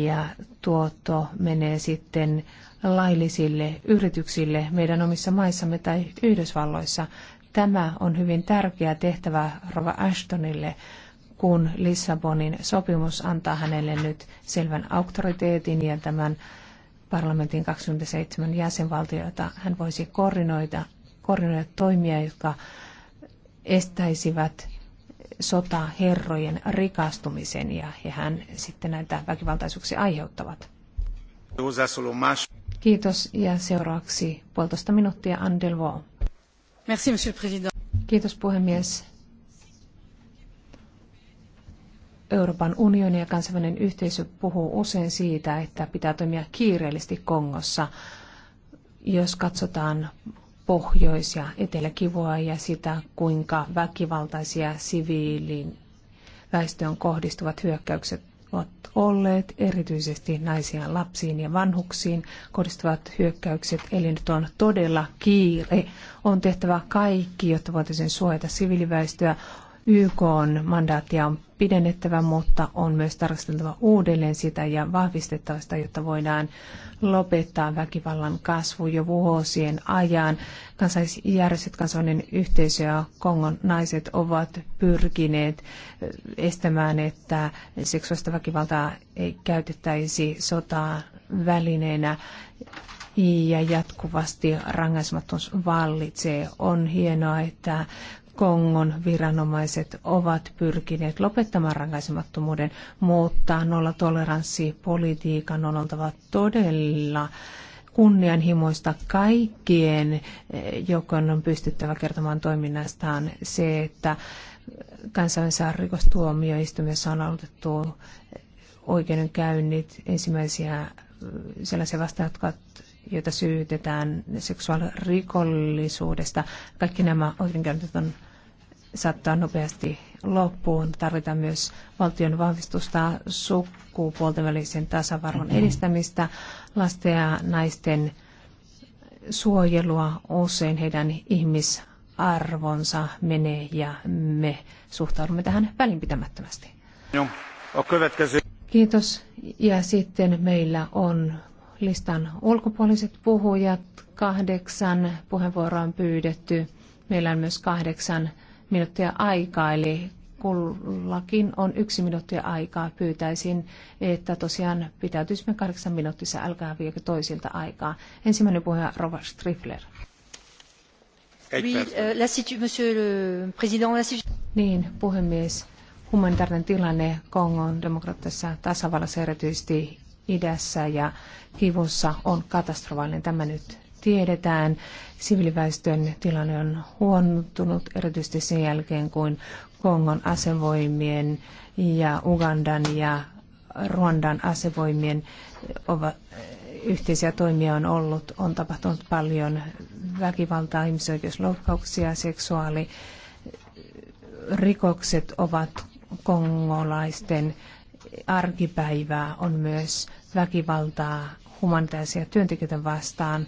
ja tuotto menee sitten laillisille yrityksille meidän omissa maissamme tai Yhdysvalloissa. Tämä on hyvin tärkeä tehtävä Rova Ashtonille, kun Lissabonin sopimus antaa hänelle nyt selvän auktoriteetin ja tämän parlamentin 27 jäsenvaltiota hän voisi koordinoida, koordinoida toimia, jotka estäisivät sotaherrojen rikastumisen ja, hän sitten näitä väkivaltaisuuksia aiheuttavat. Kiitos ja seuraavaksi puolitoista minuuttia Andelvo. Merci, monsieur le président. Kiitos puhemies. Euroopan unioni ja kansainvälinen yhteisö puhuu usein siitä, että pitää toimia kiireellisesti Kongossa. Jos katsotaan pohjois- ja eteläkivua ja sitä, kuinka väkivaltaisia siviiliin väestöön kohdistuvat hyökkäykset ovat olleet, erityisesti naisiin, lapsiin ja vanhuksiin kohdistuvat hyökkäykset. Eli nyt on todella kiire. On tehtävä kaikki, jotta voitaisiin suojata siviiliväestöä. YK on mandaattia on pidennettävä, mutta on myös tarkasteltava uudelleen sitä ja vahvistettava sitä, jotta voidaan lopettaa väkivallan kasvu jo vuosien ajan. Kansalaisjärjestöt, kansainvälinen yhteisö ja Kongon naiset ovat pyrkineet eh, estämään, että seksuaalista väkivaltaa ei käytettäisi sotaa välineenä ja jatkuvasti rangaismattomuus vallitsee. On hienoa, että Kongon viranomaiset ovat pyrkineet lopettamaan rankaisemattomuuden, mutta nollatoleranssipolitiikan on oltava todella kunnianhimoista kaikkien, eh, jokon on pystyttävä kertomaan toiminnastaan se, että kansainvälisessä rikostuomioistuimessa on aloitettu oikeudenkäynnit ensimmäisiä eh, sellaisia vastaan, jotka ovat joita syytetään seksuaalirikollisuudesta. Kaikki nämä oikeudenkäynnit on saattaa nopeasti loppuun. Tarvitaan myös valtion vahvistusta sukupuolten välisen tasavarvon mm-hmm. edistämistä, lasten ja naisten suojelua. Usein heidän ihmisarvonsa menee ja me suhtaudumme tähän välinpitämättömästi. Kiitos. Ja sitten meillä on listan ulkopuoliset puhujat. Kahdeksan puheenvuoroa on pyydetty. Meillä on myös kahdeksan minuuttia aikaa, eli kullakin on yksi minuuttia aikaa. Pyytäisin, että tosiaan pitäytyisimme kahdeksan minuuttissa, älkää viekö toisilta aikaa. Ensimmäinen puhuja Rova Strifler. Euh, niin, puhemies. Humanitaarinen tilanne Kongon demokraattisessa tasavallassa erityisesti idässä ja kivussa on katastrofaalinen. Tämä nyt tiedetään. Siviiliväestön tilanne on huonontunut erityisesti sen jälkeen, kun Kongon asevoimien ja Ugandan ja Ruandan asevoimien yhteisiä toimia on ollut. On tapahtunut paljon väkivaltaa, ihmisoikeusloukkauksia, seksuaalirikokset ovat kongolaisten arkipäivää, on myös väkivaltaa humanitaisia työntekijöitä vastaan.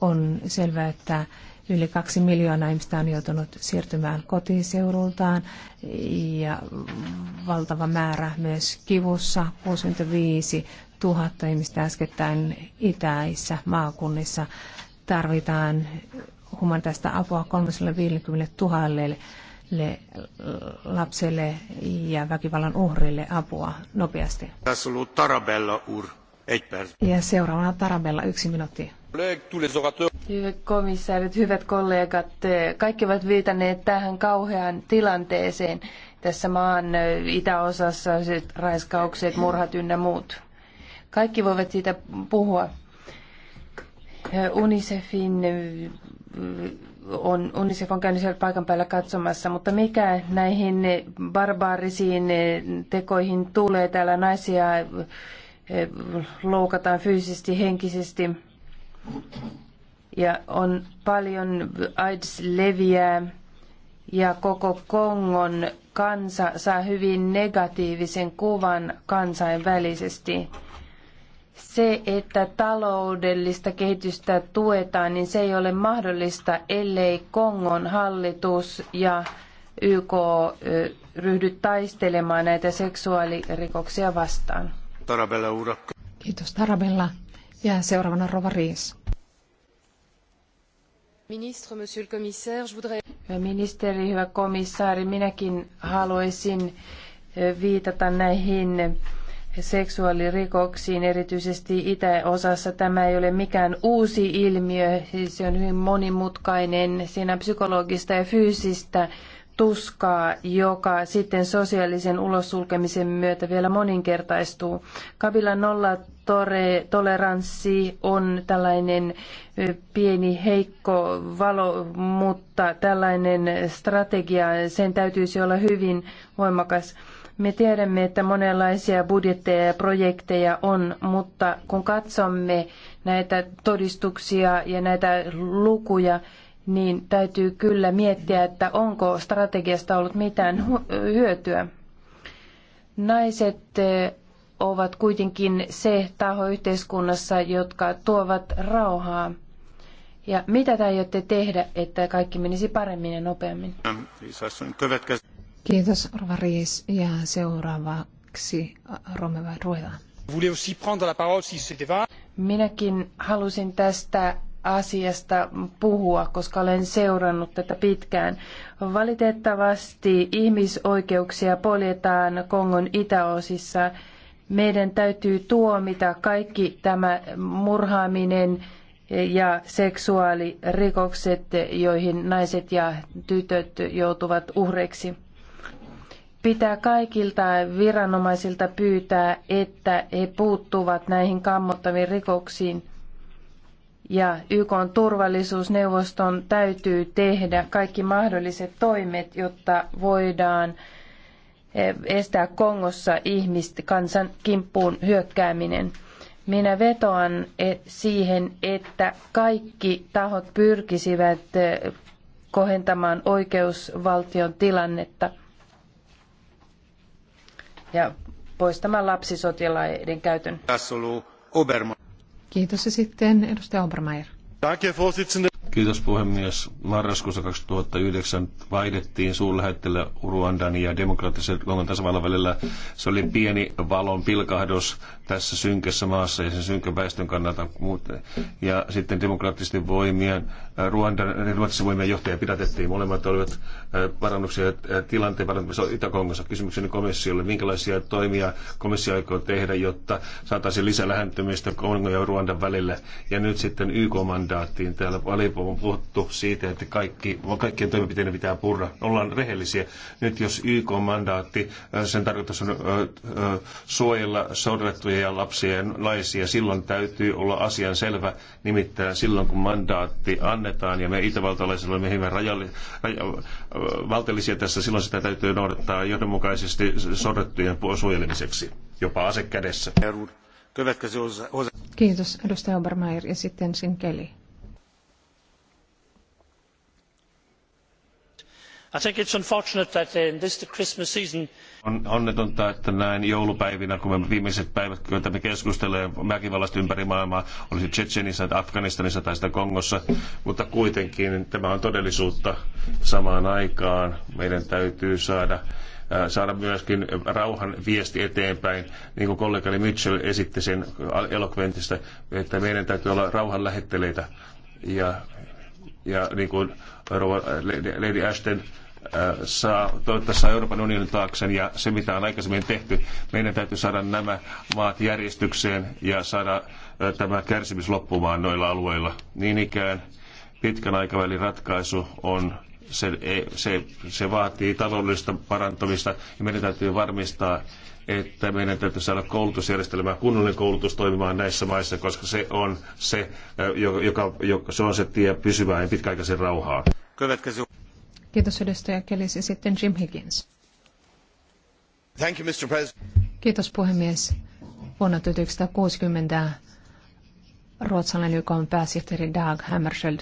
On selvää, että yli kaksi miljoonaa ihmistä on joutunut siirtymään kotiseudultaan ja valtava määrä myös kivussa, 65 tuhatta ihmistä äskettäin itäissä maakunnissa. Tarvitaan humanitaista apua 350 000 lapselle ja väkivallan uhrille apua nopeasti. Tarabella, ur. Ja seuraavana Tarabella yksi minuutti. Hyvät komissaarit, hyvät kollegat, kaikki ovat viitanneet tähän kauheaan tilanteeseen tässä maan itäosassa, raiskaukset, murhat ynnä muut. Kaikki voivat siitä puhua. UNICEFin on, UNICEF on käynyt siellä paikan päällä katsomassa, mutta mikä näihin barbaarisiin tekoihin tulee, täällä naisia eh, loukataan fyysisesti, henkisesti ja on paljon AIDS leviää ja koko Kongon kansa saa hyvin negatiivisen kuvan kansainvälisesti se, että taloudellista kehitystä tuetaan, niin se ei ole mahdollista, ellei Kongon hallitus ja YK ryhdy taistelemaan näitä seksuaalirikoksia vastaan. Tarabella urakka. Kiitos Tarabella. Ja seuraavana Rova Ministeri, hyvä komissaari, minäkin haluaisin viitata näihin seksuaalirikoksiin, erityisesti itäosassa. Tämä ei ole mikään uusi ilmiö, se on hyvin monimutkainen. Siinä on psykologista ja fyysistä tuskaa, joka sitten sosiaalisen sulkemisen myötä vielä moninkertaistuu. Kabila nolla toleranssi on tällainen pieni heikko valo, mutta tällainen strategia, sen täytyisi olla hyvin voimakas. Me tiedämme, että monenlaisia budjetteja ja projekteja on, mutta kun katsomme näitä todistuksia ja näitä lukuja, niin täytyy kyllä miettiä, että onko strategiasta ollut mitään hyötyä. Naiset eh, ovat kuitenkin se taho yhteiskunnassa, jotka tuovat rauhaa. Ja mitä te aiotte tehdä, että kaikki menisi paremmin ja nopeammin? Niin, Kiitos, Ja seuraavaksi Romeva Minäkin halusin tästä asiasta puhua, koska olen seurannut tätä pitkään. Valitettavasti ihmisoikeuksia poljetaan Kongon itäosissa. Meidän täytyy tuomita kaikki tämä murhaaminen ja seksuaalirikokset, joihin naiset ja tytöt joutuvat uhreiksi pitää kaikilta viranomaisilta pyytää, että he puuttuvat näihin kammottaviin rikoksiin. Ja YK on turvallisuusneuvoston täytyy tehdä kaikki mahdolliset toimet, jotta voidaan eh, estää Kongossa ihmisten kansan kimppuun hyökkääminen. Minä vetoan eh, siihen, että kaikki tahot pyrkisivät eh, kohentamaan oikeusvaltion tilannetta ja poistamaan lapsisotilaiden käytön. Kiitos ja sitten edustaja Obermeier. Kiitos puhemies. Marraskuussa 2009 vaihdettiin suurlähettilä Ruandan ja demokraattisen Kongon tasavallan välillä. Se oli pieni valon pilkahdus tässä synkässä maassa ja sen synkän väestön kannalta. Ja sitten demokraattisten voimien Ruandan ja Ruotsin voimien johtaja pidätettiin. Molemmat olivat parannuksia tilanteen parantamisessa Itä-Kongossa. Kysymykseni komissiolle, minkälaisia toimia komissio aikoo tehdä, jotta saataisiin lisää lähentymistä Kongon ja Ruandan välille Ja nyt sitten YK-mandaattiin. Täällä paljon on puhuttu siitä, että kaikki, kaikkien toimenpiteiden pitää purra. Ollaan rehellisiä. Nyt jos YK-mandaatti, sen tarkoitus on suojella sorrettuja lapsia ja naisia, silloin täytyy olla asian selvä. Nimittäin silloin, kun mandaatti annetaan, annetaan, ja me itävaltalaiset olemme hyvin rajalli, raja, tässä, silloin sitä täytyy noudattaa johdonmukaisesti sorrettujen suojelemiseksi, jopa ase kädessä. Kiitos, edustaja Obermeier, ja sitten Sinkeli. I think it's unfortunate that in um, this the Christmas season on onnetonta, että näin joulupäivinä, kun me viimeiset päivät, joita me keskustelemme väkivallasta ympäri maailmaa, olisi Tsetsenissä, Afganistanissa tai sitä Kongossa, mutta kuitenkin tämä on todellisuutta samaan aikaan. Meidän täytyy saada äh, saada myöskin rauhan viesti eteenpäin, niin kuin kollegani Mitchell esitti sen elokventista, että meidän täytyy olla rauhan lähetteleitä. Ja, ja niin kuin Äh, Lady Ashton äh, saa, toivottavasti saa Euroopan unionin taakse ja se, mitä on aikaisemmin tehty, meidän täytyy saada nämä maat järjestykseen ja saada äh, tämä kärsimys loppumaan noilla alueilla. Niin ikään pitkän aikavälin ratkaisu on se, e, se, se vaatii taloudellista parantamista ja meidän täytyy varmistaa, että meidän täytyy saada koulutusjärjestelmää, kunnollinen koulutus toimimaan näissä maissa, koska se on se, joka, joka, se, on se tie pysyvään ja pitkäaikaisen rauhaan. Kiitos edustaja Kelis ja sitten Jim Higgins. Thank you, Mr. Kiitos puhemies. Vuonna 1960 ruotsalainen YK pääsihteeri Dag Hammarskjöld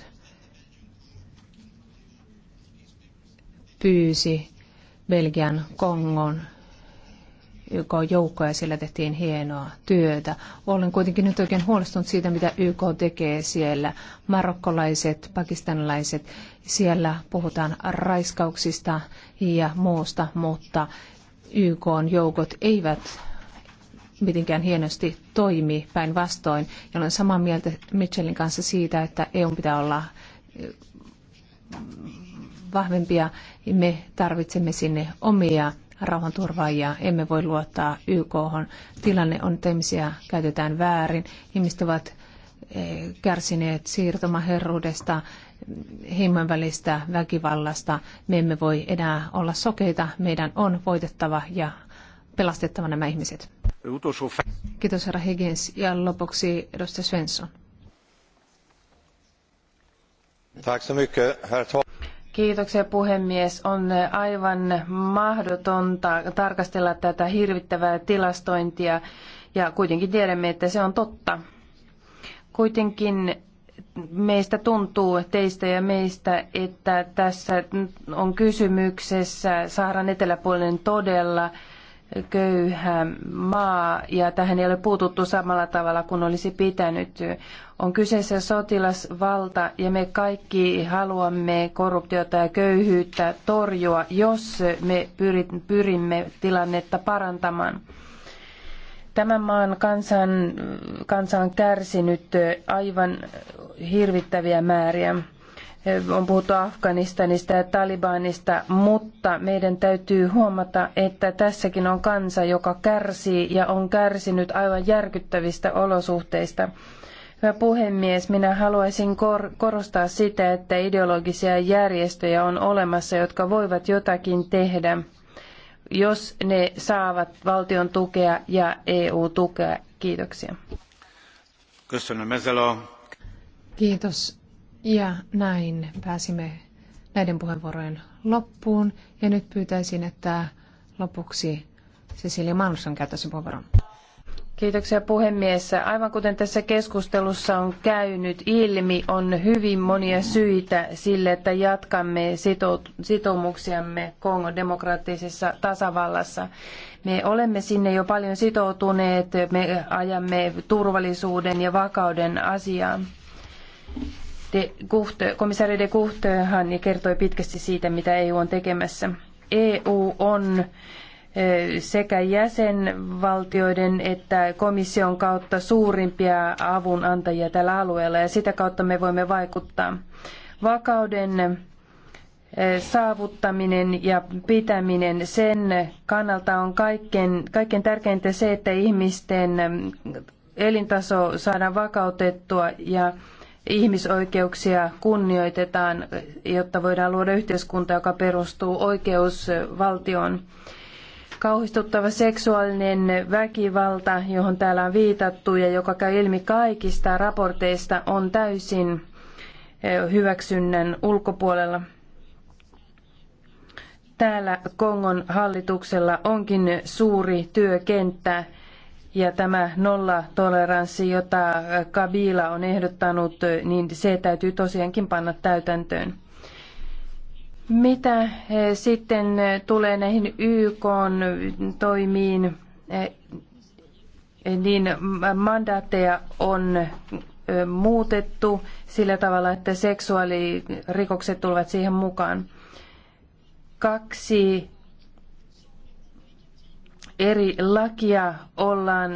pyysi Belgian Kongon YK joukkoja ja siellä tehtiin hienoa työtä. Olen kuitenkin nyt oikein huolestunut siitä, mitä YK tekee siellä. Marokkolaiset, pakistanilaiset, siellä puhutaan raiskauksista ja muusta, mutta YK joukot eivät mitenkään hienosti toimi päinvastoin. Ja olen samaa mieltä Mitchellin kanssa siitä, että EU pitää olla vahvempia. Me tarvitsemme sinne omia rauhanturvaajia, emme voi luottaa YK. -hon. Tilanne on, että ihmisiä käytetään väärin. Ihmiset ovat eh, kärsineet siirtomaherruudesta, heimon välistä väkivallasta. Me emme voi enää olla sokeita. Meidän on voitettava ja pelastettava nämä ihmiset. Kiitos herra Higgins. Ja lopuksi edustaja Svensson. Tack så mycket, herr talman. Kiitoksia puhemies. On aivan mahdotonta tarkastella tätä hirvittävää tilastointia ja kuitenkin tiedämme, että se on totta. Kuitenkin meistä tuntuu, teistä ja meistä, että tässä on kysymyksessä Saharan eteläpuolinen todella köyhä maa ja tähän ei ole puututtu samalla tavalla kuin olisi pitänyt. On kyseessä sotilasvalta ja me kaikki haluamme korruptiota ja köyhyyttä torjua, jos me pyrimme tilannetta parantamaan. Tämän maan kansan, kansa on kärsinyt aivan hirvittäviä määriä. On puhuttu Afganistanista ja Talibanista, mutta meidän täytyy huomata, että tässäkin on kansa, joka kärsii ja on kärsinyt aivan järkyttävistä olosuhteista. Hyvä puhemies, minä haluaisin korostaa sitä, että ideologisia järjestöjä on olemassa, jotka voivat jotakin tehdä, jos ne saavat valtion tukea ja EU-tukea. Kiitoksia. Kiitos. Ja näin pääsimme näiden puheenvuorojen loppuun. Ja nyt pyytäisin, että lopuksi Cecilia Manson käyttäisi puheenvuoron. Kiitoksia puhemies. Aivan kuten tässä keskustelussa on käynyt ilmi, on hyvin monia syitä sille, että jatkamme sitoumuksiamme Kongon demokraattisessa tasavallassa. Me olemme sinne jo paljon sitoutuneet, me ajamme turvallisuuden ja vakauden asiaa. De Gucht, komissaari de Guchthan kertoi pitkästi siitä, mitä EU on tekemässä. EU on e, sekä jäsenvaltioiden että komission kautta suurimpia avunantajia tällä alueella ja sitä kautta me voimme vaikuttaa. Vakauden e, saavuttaminen ja pitäminen sen kannalta on kaikkein, kaikkein tärkeintä se, että ihmisten elintaso saadaan vakautettua ja ihmisoikeuksia kunnioitetaan, jotta voidaan luoda yhteiskunta, joka perustuu oikeusvaltioon. Kauhistuttava seksuaalinen väkivalta, johon täällä on viitattu ja joka käy ilmi kaikista raporteista, on täysin eh, hyväksynnän ulkopuolella. Täällä Kongon hallituksella onkin suuri työkenttä ja tämä nollatoleranssi, jota Kabila on ehdottanut, niin se täytyy tosiaankin panna täytäntöön. Mitä eh, sitten tulee näihin YK toimiin, eh, niin mandaatteja on eh, muutettu sillä tavalla, että seksuaalirikokset tulevat siihen mukaan. Kaksi eri lakia ollaan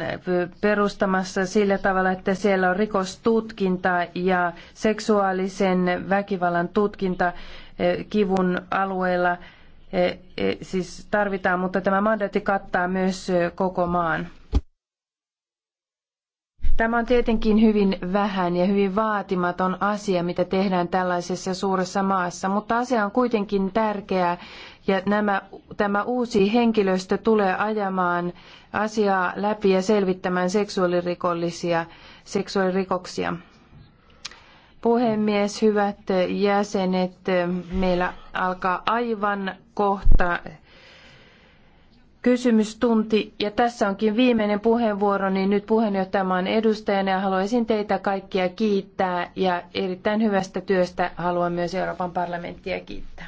perustamassa sillä tavalla, että siellä on rikostutkinta ja seksuaalisen väkivallan tutkinta eh, kivun alueella eh, eh, siis tarvitaan, mutta tämä mandaatti kattaa myös koko maan. Tämä on tietenkin hyvin vähän ja hyvin vaatimaton asia, mitä tehdään tällaisessa suuressa maassa, mutta asia on kuitenkin tärkeä ja nämä, tämä uusi henkilöstö tulee ajamaan asiaa läpi ja selvittämään seksuaalirikollisia, seksuaalirikoksia. Puhemies, hyvät jäsenet, meillä alkaa aivan kohta kysymystunti. Ja tässä onkin viimeinen puheenvuoro, niin nyt puheenjohtajamaan edustajana ja haluaisin teitä kaikkia kiittää ja erittäin hyvästä työstä haluan myös Euroopan parlamenttia kiittää.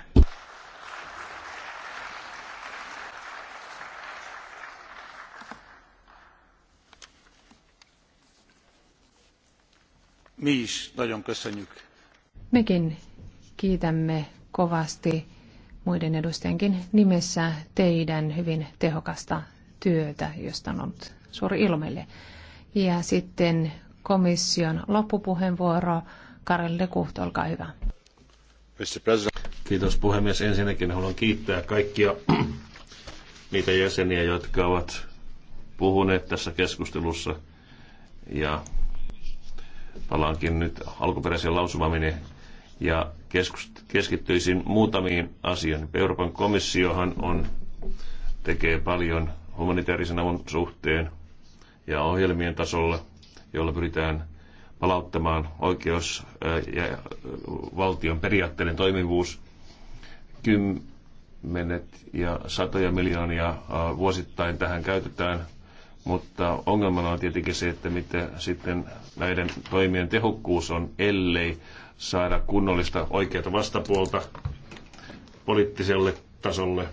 Mi is nagyon köszönjük. Mekin kiitämme kovasti muiden edustajienkin nimessä teidän hyvin tehokasta työtä, josta on ollut suuri ilo meille. Ja sitten komission loppupuheenvuoro. Karel de Kuht, olkaa hyvä. Kiitos puhemies. Ensinnäkin haluan kiittää kaikkia niitä jäseniä, jotka ovat puhuneet tässä keskustelussa. Ja Palaankin nyt alkuperäisen lausumaminen ja keskittyisin muutamiin asioihin. Euroopan komissiohan on, tekee paljon humanitaarisen avun suhteen ja ohjelmien tasolla, jolla pyritään palauttamaan oikeus äh, ja äh, valtion periaatteiden toimivuus. Kymmenet ja satoja miljoonia äh, vuosittain tähän käytetään mutta ongelmana on tietenkin se, että mitä sitten näiden toimien tehokkuus on, ellei saada kunnollista oikeata vastapuolta poliittiselle tasolle.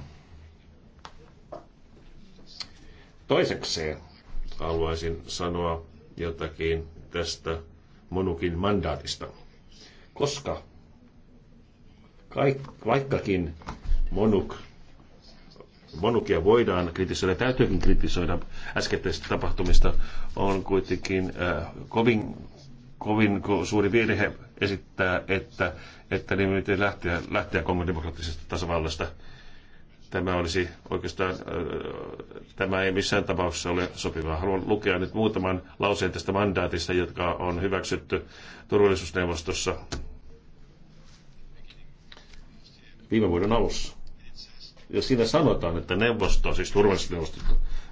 Toisekseen haluaisin sanoa jotakin tästä Monukin mandaatista, koska kaik, vaikkakin Monuk Bonukia voidaan kritisoida, täytyykin kritisoida äskettäisistä tapahtumista, on kuitenkin äh, kovin, kovin suuri virhe esittää, että, että niin miten lähteä, lähteä Kongon demokraattisesta tasavallasta. Tämä olisi oikeastaan, äh, tämä ei missään tapauksessa ole sopivaa. Haluan lukea nyt muutaman lauseen tästä mandaatista, jotka on hyväksytty turvallisuusneuvostossa viime vuoden alussa jos siinä sanotaan, että neuvosto, siis turvallisuusneuvosto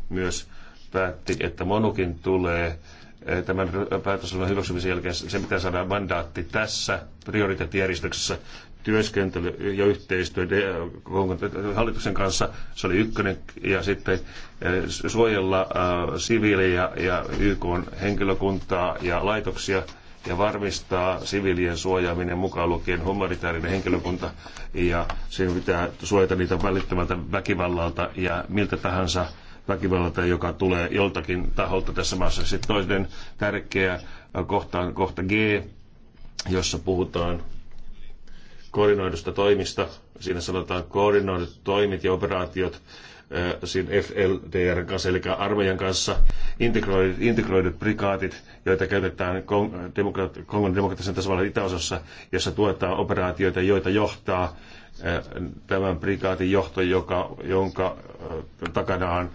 myös päätti, että Monukin tulee eh, tämän päätösohjelman hyväksymisen jälkeen, sen pitää saada mandaatti tässä prioriteettijärjestyksessä työskentely ja yhteistyö eh, hallituksen kanssa, se oli ykkönen, ja sitten eh, suojella siviilejä ja YK henkilökuntaa ja laitoksia, ja varmistaa siviilien suojaaminen mukaan lukien humanitaarinen henkilökunta ja sen pitää suojata niitä välittömältä väkivallalta ja miltä tahansa väkivallalta, joka tulee joltakin taholta tässä maassa. Sitten toinen tärkeä kohta on kohta G, jossa puhutaan koordinoidusta toimista. Siinä sanotaan koordinoidut toimit ja operaatiot siinä FLDR kanssa, eli armeijan kanssa integroidut, integroidut prikaatit, joita käytetään Kongon demokraattisen tasavallan itäosassa, jossa tuetaan operaatioita, joita johtaa tämän prikaatin johto, joka, jonka on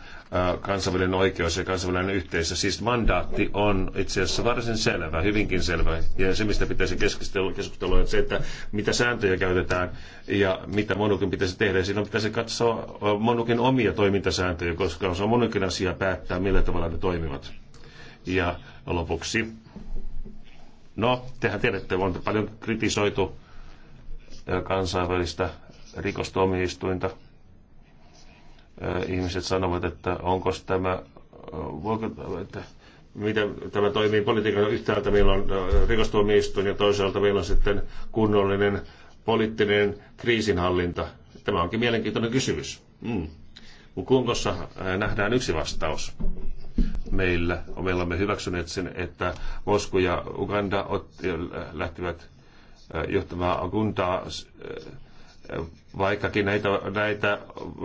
kansainvälinen oikeus ja kansainvälinen yhteisö. Siis mandaatti on itse asiassa varsin selvä, hyvinkin selvä. Ja se, mistä pitäisi keskustella, keskustella on se, että mitä sääntöjä käytetään ja mitä Monukin pitäisi tehdä. Siinä pitäisi katsoa Monukin omia toimintasääntöjä, koska se on Monukin asia päättää, millä tavalla ne toimivat. Ja lopuksi, no, tehän tiedätte, on paljon kritisoitu kansainvälistä rikostuomioistuinta ihmiset sanovat, että onko tämä, voiko, että miten tämä toimii politiikan yhtäältä. Meillä on rikostuomioistuin ja toisaalta meillä on sitten kunnollinen poliittinen kriisinhallinta. Tämä onkin mielenkiintoinen kysymys. Mm. Kunkossa nähdään yksi vastaus. Meillä, meillä olemme hyväksyneet sen, että Mosku ja Uganda otti, lähtivät johtamaan Aguntaa vaikkakin näitä, näitä,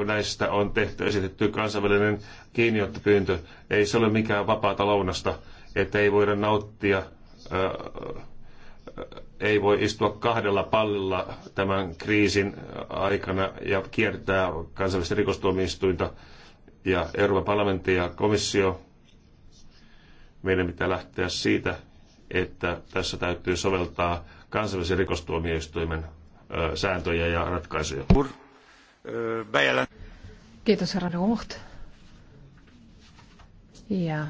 näistä on tehty, esitetty kansainvälinen kiinniottopyyntö, ei se ole mikään vapaata lounasta, että ei voida nauttia, ää, äh, äh, ei voi istua kahdella pallilla tämän kriisin aikana ja kiertää kansainvälistä rikostuomioistuinta ja Euroopan parlamentti ja komissio. Meidän pitää lähteä siitä, että tässä täytyy soveltaa kansainvälisen rikostuomioistuimen sääntöjä ja ratkaisuja. Kiitos herra Ruht. Ja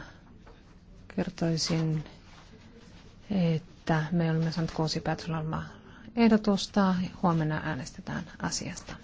kertoisin, että me olemme saaneet kuusi päätöslaumaa ehdotusta. Huomenna äänestetään asiasta.